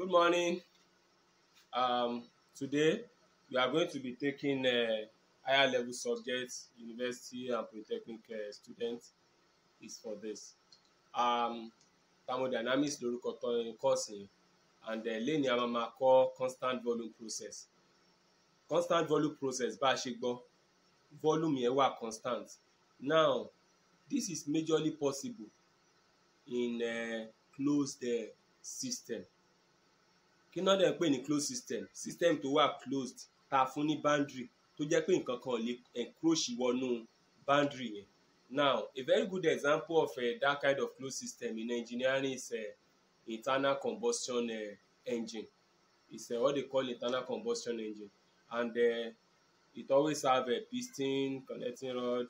Good morning. Um, today we are going to be taking uh, higher level subjects, university and polytechnic uh, students is for this. Um, thermodynamics lorúkọ tó and the uh, linear a máa constant volume process. Constant volume process bá volume yẹn constant. Now this is majorly possible in a uh, closed uh, system kí náà dẹ̀ ń pè ní closed system system tó wà closed tá a fún ní boundary tó jẹ́ pé nǹkan kan ò lè encroach wọnú boundary yẹn now a very good example of uh, that kind of closed system in engineering is uh, internal combustion uh, engine it's uh, what they call internal combustion engine and uh, it always have a piston connecting rod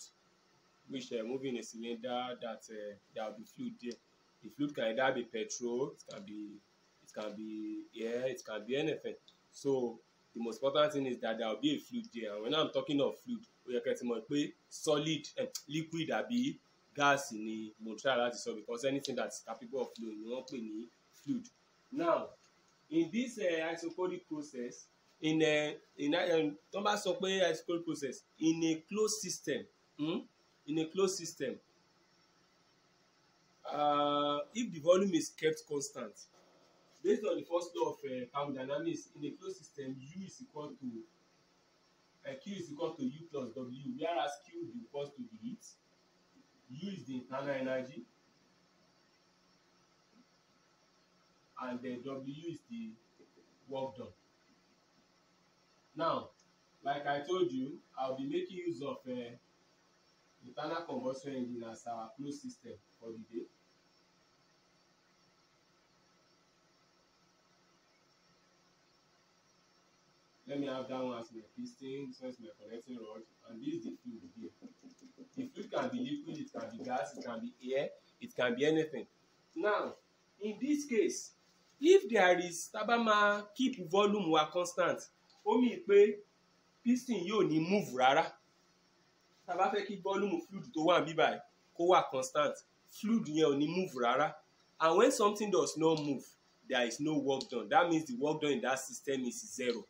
which uh, moving a cylinder that uh, there will be fluid there the fluid can either be petrol it can be it can be yeah, it can be anything. So the most important thing is that there will be a fluid there. And when I'm talking of fluid, ó yẹ kẹ́ ti mọ̀ pé solid eh, liquid àbí gas ni mo try láti sọ because anything that is capable of flowing, ni wọ́n pè ní fluid. Now in this uh, eh, isochloric process in a eh, in a eh, tó bá sọ pé isochloric process in a closed system hmm? in a closed system uh, if the volume is kept constant based on the first law of uh, eh, thermodynamics in a closed system u is equal to uh, q is equal to u plus w whereas q refers to the heat u is the internal energy and uh, w is the work done now like i told you i will be making use of uh, internal combustion engine as our closed system for the day Let me have that one as my piston, this one is my connecting rod, and this is the fluid here. The fluid can be liquid, it can be gas, it can be air, it can be anything. Now, in this case, if there is tabama keep volume wa constant, ó mì pé piston yóò ní move rara. Tá bá fẹ́ kí volume fluid tó wà níbí báyìí kó wà constant, fluid yẹn ò ní move rara, And when something does not move, there is no work done. That means the work done in that system is zero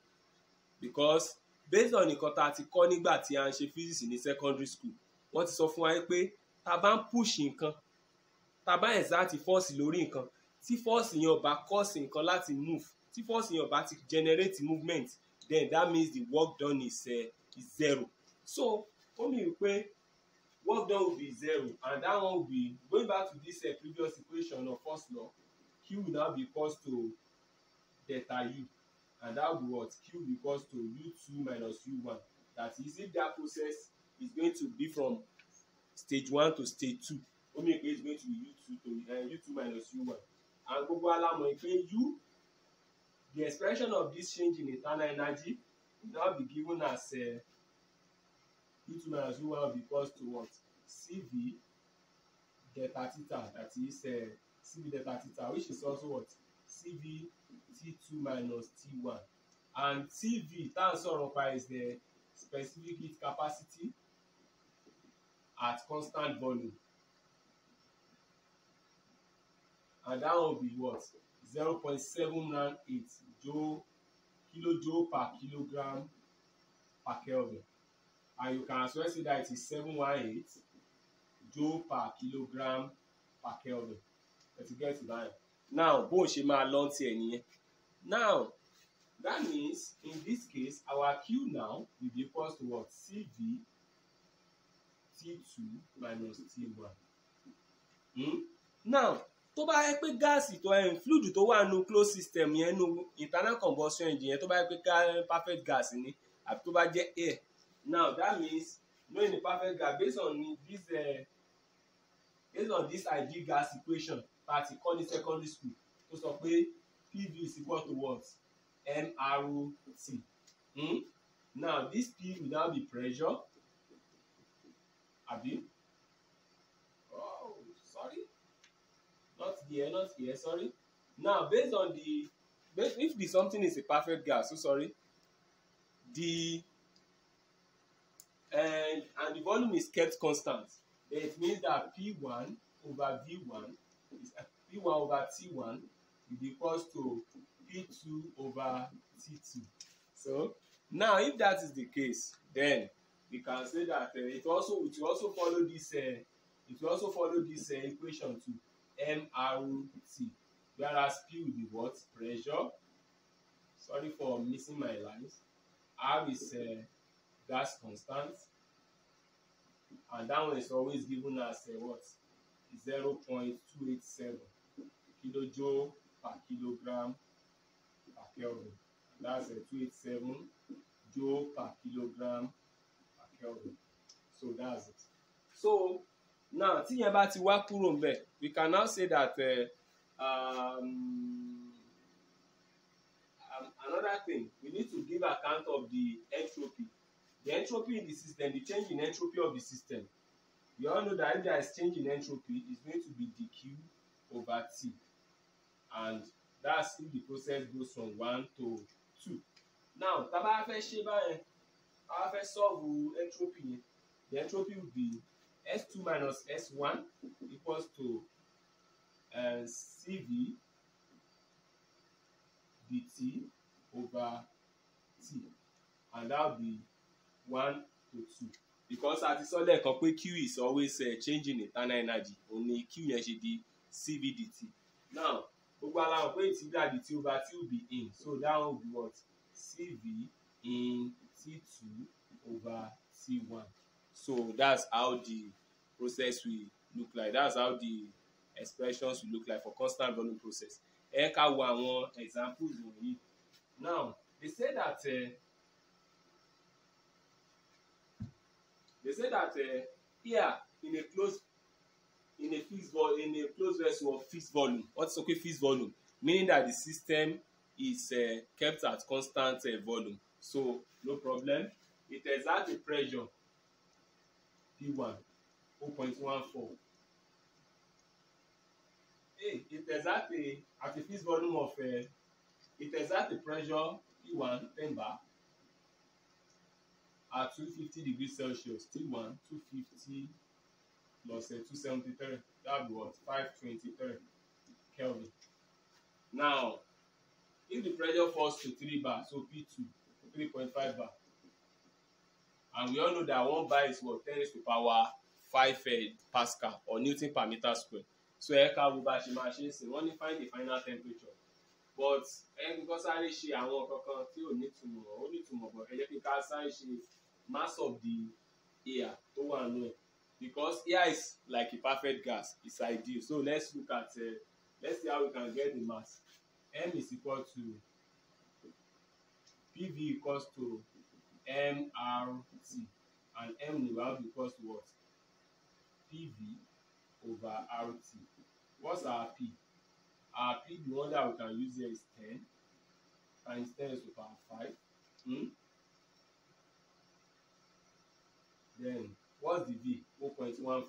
because based on nǹkan tá a ti kọ́ nígbà tí a ń ṣe physics ní secondary school wọ́n ti sọ fún wa pé tá a bá ń push nǹkan tá bá exert force lórí nǹkan tí force yẹn ò bá cause nǹkan láti move tí force yẹn ò bá ti generate movement then that means the work done is, uh, is zero so ó mi rí pé work done will be zero and that one will be going back to this uh, previous equation of force law q will now be equal to delta u and that will what q because to u two minus u one that is if that process is going to be from stage one to stage two ó mean pé it's going to be u two to eh, u two minus u one and gbogbo alamọ pé u the expression of this change in internal energy will now be given as eh, u two minus u one will equals to what cv delta theta that is uh, eh, cv delta theta which is also what CV T2 minus T1 and TV tá à ń sọ̀rọ̀ pa is the specific heat capacity at constant volume and that one be what zero point seven nine eight joule kilojoule per kilogram per kelvin and you can as well say that it is seven one eight joule per kilogram per kelvin let's get to that now bóun ṣe máa lọ tiẹ̀ nìyẹn now that means in this case our q now will be equals to what cv t2 minus t1 hmm? now tó bá yẹ pé gáàsì tó ẹ̀ eh, fluid tó wà nínú closed system yẹn nínú internal combustion engine yẹn tó bá yẹ pé eh, perfect gas ni àbí tó bá jẹ́ air now that means no the perfect gas based on this uh, based on this ideal gas equation tá a ti kọ́ ní secondary school tó sọ pé PV is equal to what MRT hmm? now this P will now be pressure àbí oh sorry not here not here sorry now based on the based, if the something is a perfect gas so sorry the and and the volume is kept constant it means that p one over v one is P1 over T1 is equals to P2 over T2. So now if that is the case, then we can say that uh, it also it will also follow this uh, it will also follow this uh, equation to MRT whereas P will be what pressure sorry for missing my lines R is uh, gas constant and that one is always given as uh, what zero point two eight seven kilojoule per kilogram per Kelvin. that's two eight seven joule per kilogram per Kelvin. so that's it. so now tíyẹn bá ti wá kúrò ńbẹ̀ we can now say that uh, um, um, another thing we need to give account of the entropy the entropy in the system the change in entropy of the system We all know that if there is change in entropy, it's going to be dq over T. And that's if the process goes from one to two. Now, tá a bá fẹ́ ṣe báyẹn, tá a entropy the entropy would be S2 minus S1 equals to uh, eh, CV dt over T. And that would be one to two because a ti sọ lẹ́ẹ̀kan pé q is always uh, changing internal energy òun ni q yẹn ṣe di cvdt now gbogbo aláwọ̀ pé it's either the t over t will be in so that one will be what cv in t2 over t1 so that's how the process will look like that's how the expressions will look like for constant volume process ẹ ká wo àwọn examples wọ̀nyí now they say that uh, They say that uh, here in a close, in a fixed vol in a closed vessel of fixed volume what's okay fixed volume meaning that the system is uh, kept at constant uh, volume so no problem it exert the pressure p one, 0.14 hey it exert a at a fixed volume of uh, it exert the pressure p one ten bar at two fifty degree celsius t one two fifty plus eh, two seventy three that be what five twenty three kelvin now if the pressure falls to three bar so p two three point five bar and we all know that one bar is what ten raised to power five uh, pascal or newton per meter square so ẹ ká wo bá a ṣe find the final temperature but ẹ ń kọ́ sáré ṣe àwọn kankan tí ò nítumọ̀ ó nítumọ̀ bọ̀ ẹ jẹ́ kí ká sáré ṣe mass of the air tó wà nù ẹ̀ because air is like a perfect gas it's ideal so let's look at uh, let's see how we can get the mass m is equal to pv equals to mrt and m will be equals to what pv over rt what's our p our p the one that we can use here is ten times ten is to power five. Hmm? Then what's the V? 0.14.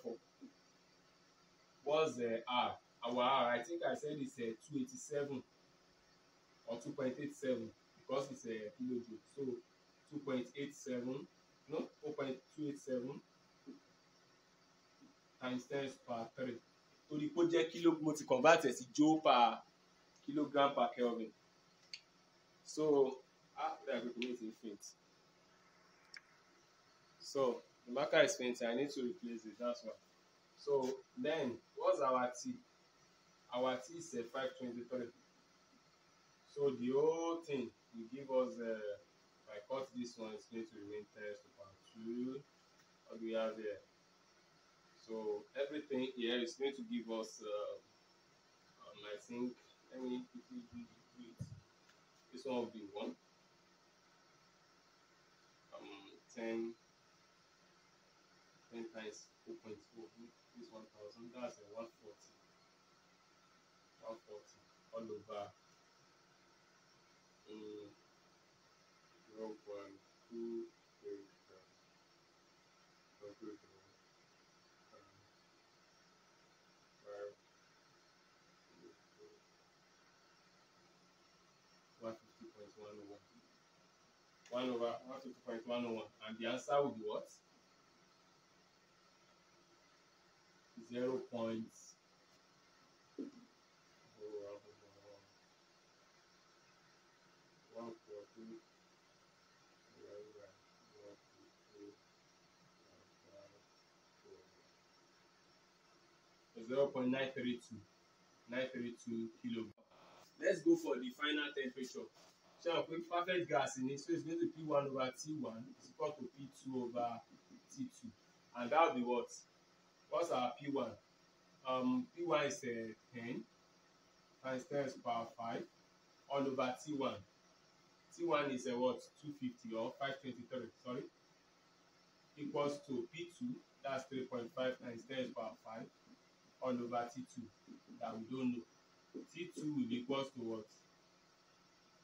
What's the uh, R? Our R, I think I said it's uh, 287 or 2.87 because it's a uh, kilojoule. So 2.87, no, 0.287 times 10 per 3. Torí kó jẹ́ kilo mo ti convert ẹ̀ sí joule per kilogram per Kelvin. So after I calculate it, so The marker is painting. I need to replace it. That's why. So then, what's our T? Our T is a five twenty 523. So the whole thing will give us, uh, if I cut this one, it's going to remain test upon 2. What do we have there? So everything here is going to give us, uh, um, I think, let me quickly do it. This one will be 1. Um, ten. 10 times 4.4 is 1000 that's a 140 140 all over in 1 over mm. 150.101 um, and the answer will be what? zero point one four two. Zero point nine thirty two, nine thirty two kilogram. Let's go for the final temperature. So quick perfect gas in it, so it's going to p one over t one is equal to p two over t two, and that'll be what? What's our P1? Um, P1 is uh, 10 times 10 is power 5 all over T1. T1 is uh, what? 250 or 523, sorry. Equals to P2, that's 3.5 times 10 is power 5 all over T2 that we don't know. T2 will equals to what?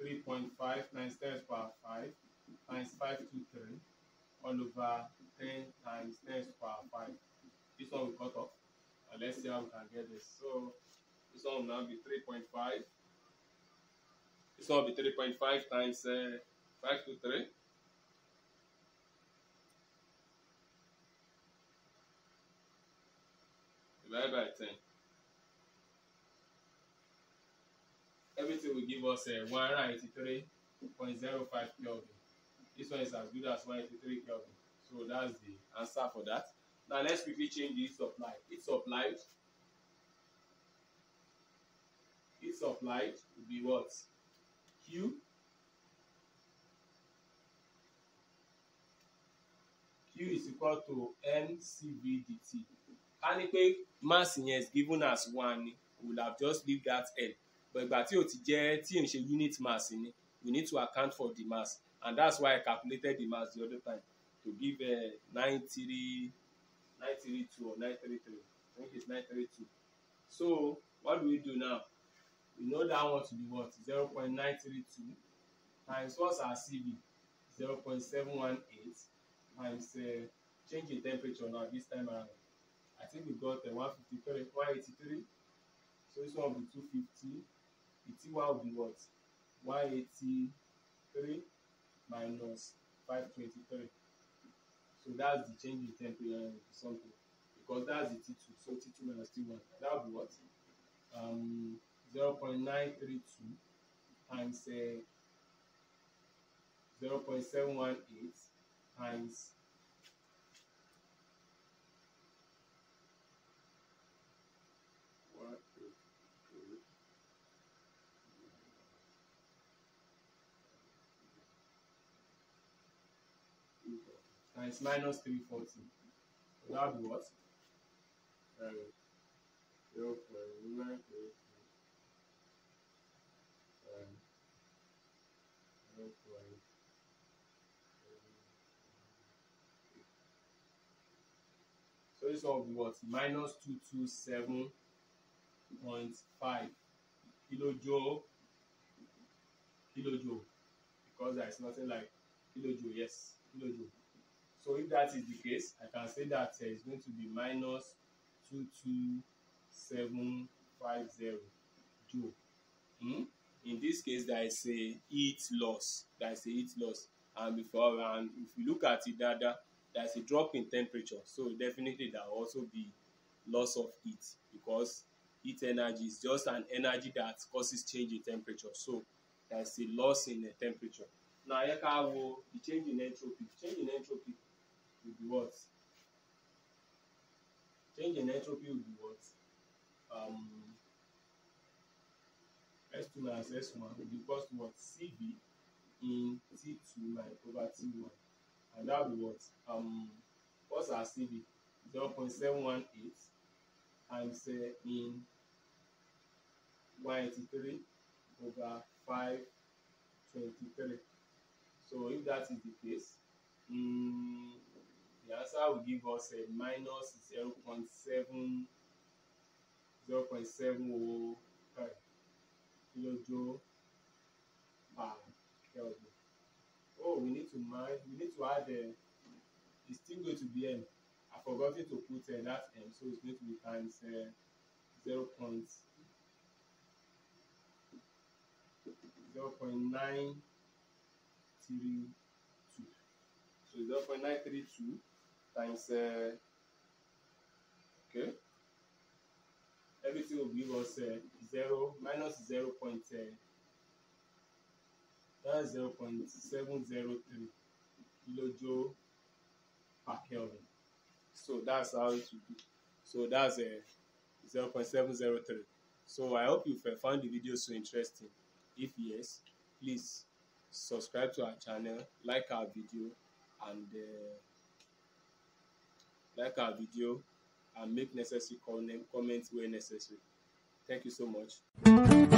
3.5 times 10 power 5 times 5 to 3 all over 10 times 10 power 5. This one will cut off. And let's see how we can get this. So this one will now be 3.5. This one will be 3.5 times uh, 5 to 3. Divided by 10. Everything will give us a uh, 183.05 Kelvin. This one is as good as 183 Kelvin. So that's the answer for that. Now let's quickly change the heat supply. Heat supplied. Heat supplied would be what? Q. Q is equal to NCV dt. Ká ní pé mass yẹn is given as one ni, we will have just leave that N. But ìgbà tí o ti jẹ́ tí n ṣe unit mass ni, we need to account for the mass and that's why I calculated the mass the other time to give uh, eh, nine three. 932 or 933. I think it's 932. So what do we do now? We know that one to be what? 0.932 times what's our CB? 0.718 times uh, change in temperature now this time around. I think we got uh, 153, 183. So this one will be 250. The T1 will be what? 183 minus 523. So that's the change in temperature into something because that's the T2. So T2 minus T1. That would be what? Um, 0.932 times uh, 0.718 times It's 340. So that would be what? Um, um So this one will be what? Minus 227.5 kilojoule kilojoule because there is nothing like kilojoule, yes, kilojoule. So if that is the case, I can say that uh, it's going to be minus 22750 joule. Hmm? In this case, that is a heat loss. That is a heat loss. And before, and if you look at it, data there is a drop in temperature. So definitely there will also be loss of heat because heat energy is just an energy that causes change in temperature. So there is a loss in the temperature. Now, here can the change in entropy. Change in entropy will be what? Change in entropy will be what? Um, S2 minus S1 will be equals to what? CV in T2 by over T1. And that will be what? Um, what's our CV? 0.718 and say in 183 over 523. So if that is the case, um, the answer will give us a minus zero point seven zero point seven oh five kilojoule per kelvin oh we need to mind we need to add uh, it's still go to be m i forgot to put uh, that m so it's going to be times uh, zero point zero point nine three two so zero point nine three two times uh, okay everything will give us uh, zero minus zero point uh, that's zero point seven zero three kilojoule per kelvin so that's how it will be so that's zero point seven zero three so i hope you found the video so interesting if yes please subscribe to our channel like our video and uh, like our video, and make necessary comments where necessary. Thank you so much.